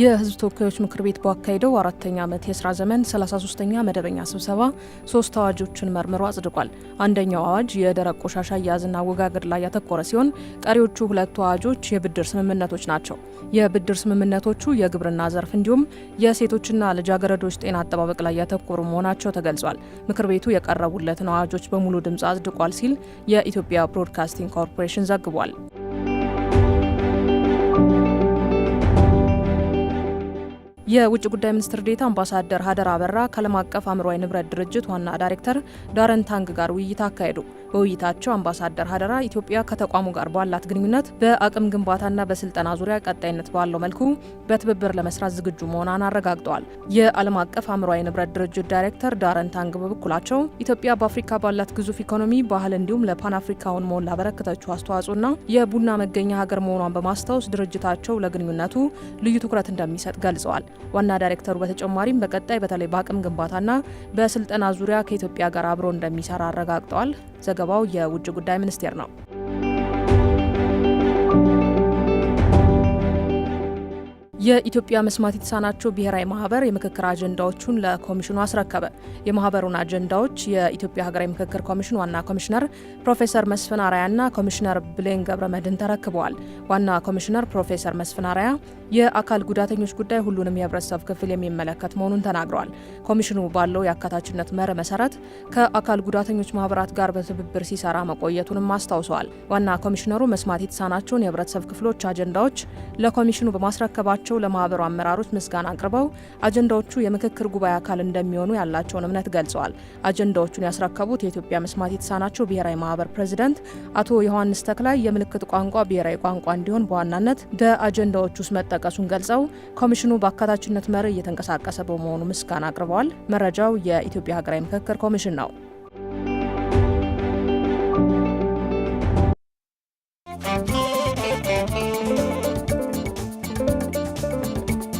የህዝብ ተወካዮች ምክር ቤት ባካሄደው አራተኛ ዓመት የስራ ዘመን 33ኛ መደበኛ ስብሰባ ሶስት አዋጆችን መርምሮ አጽድቋል። አንደኛው አዋጅ የደረቅ ቆሻሻ አያያዝና አወጋገድ ላይ ያተኮረ ሲሆን ቀሪዎቹ ሁለቱ አዋጆች የብድር ስምምነቶች ናቸው። የብድር ስምምነቶቹ የግብርና ዘርፍ እንዲሁም የሴቶችና ልጃገረዶች ጤና አጠባበቅ ላይ ያተኮሩ መሆናቸው ተገልጿል። ምክር ቤቱ የቀረቡለትን አዋጆች በሙሉ ድምፅ አጽድቋል ሲል የኢትዮጵያ ብሮድካስቲንግ ኮርፖሬሽን ዘግቧል። የውጭ ጉዳይ ሚኒስትር ዴታ አምባሳደር ሀደር አበራ ከዓለም አቀፍ አእምሯዊ ንብረት ድርጅት ዋና ዳይሬክተር ዳረን ታንግ ጋር ውይይት አካሄዱ። በውይይታቸው አምባሳደር ሀደራ ኢትዮጵያ ከተቋሙ ጋር ባላት ግንኙነት በአቅም ግንባታና በስልጠና ዙሪያ ቀጣይነት ባለው መልኩ በትብብር ለመስራት ዝግጁ መሆኗን አረጋግጠዋል። የዓለም አቀፍ አእምሯዊ ንብረት ድርጅት ዳይሬክተር ዳረን ታንግ በበኩላቸው ኢትዮጵያ በአፍሪካ ባላት ግዙፍ ኢኮኖሚ፣ ባህል እንዲሁም ለፓን አፍሪካውን መሆን ላበረከተችው አስተዋጽኦና የቡና መገኛ ሀገር መሆኗን በማስታወስ ድርጅታቸው ለግንኙነቱ ልዩ ትኩረት እንደሚሰጥ ገልጸዋል። ዋና ዳይሬክተሩ በተጨማሪም በቀጣይ በተለይ በአቅም ግንባታና በስልጠና ዙሪያ ከኢትዮጵያ ጋር አብሮ እንደሚሰራ አረጋግጠዋል። ዘገባው የውጭ ጉዳይ ሚኒስቴር ነው። የኢትዮጵያ መስማት የተሳናቸው ብሔራዊ ማህበር የምክክር አጀንዳዎቹን ለኮሚሽኑ አስረከበ። የማህበሩን አጀንዳዎች የኢትዮጵያ ሀገራዊ ምክክር ኮሚሽን ዋና ኮሚሽነር ፕሮፌሰር መስፍን አራያና ኮሚሽነር ብሌን ገብረ መድን ተረክበዋል። ዋና ኮሚሽነር ፕሮፌሰር መስፍን አራያ የአካል ጉዳተኞች ጉዳይ ሁሉንም የህብረተሰብ ክፍል የሚመለከት መሆኑን ተናግረዋል። ኮሚሽኑ ባለው የአካታችነት መር መሰረት ከአካል ጉዳተኞች ማህበራት ጋር በትብብር ሲሰራ መቆየቱንም አስታውሰዋል። ዋና ኮሚሽነሩ መስማት የተሳናቸውን የህብረተሰብ ክፍሎች አጀንዳዎች ለኮሚሽኑ በማስረከባቸው በመሆናቸው ለማህበሩ አመራሮች ምስጋና አቅርበው አጀንዳዎቹ የምክክር ጉባኤ አካል እንደሚሆኑ ያላቸውን እምነት ገልጸዋል። አጀንዳዎቹን ያስረከቡት የኢትዮጵያ መስማት የተሳናቸው ብሔራዊ ማህበር ፕሬዚደንት አቶ ዮሐንስ ተክላይ የምልክት ቋንቋ ብሔራዊ ቋንቋ እንዲሆን በዋናነት በአጀንዳዎች ውስጥ መጠቀሱን ገልጸው ኮሚሽኑ በአካታችነት መርህ እየተንቀሳቀሰ በመሆኑ ምስጋና አቅርበዋል። መረጃው የኢትዮጵያ ሀገራዊ ምክክር ኮሚሽን ነው።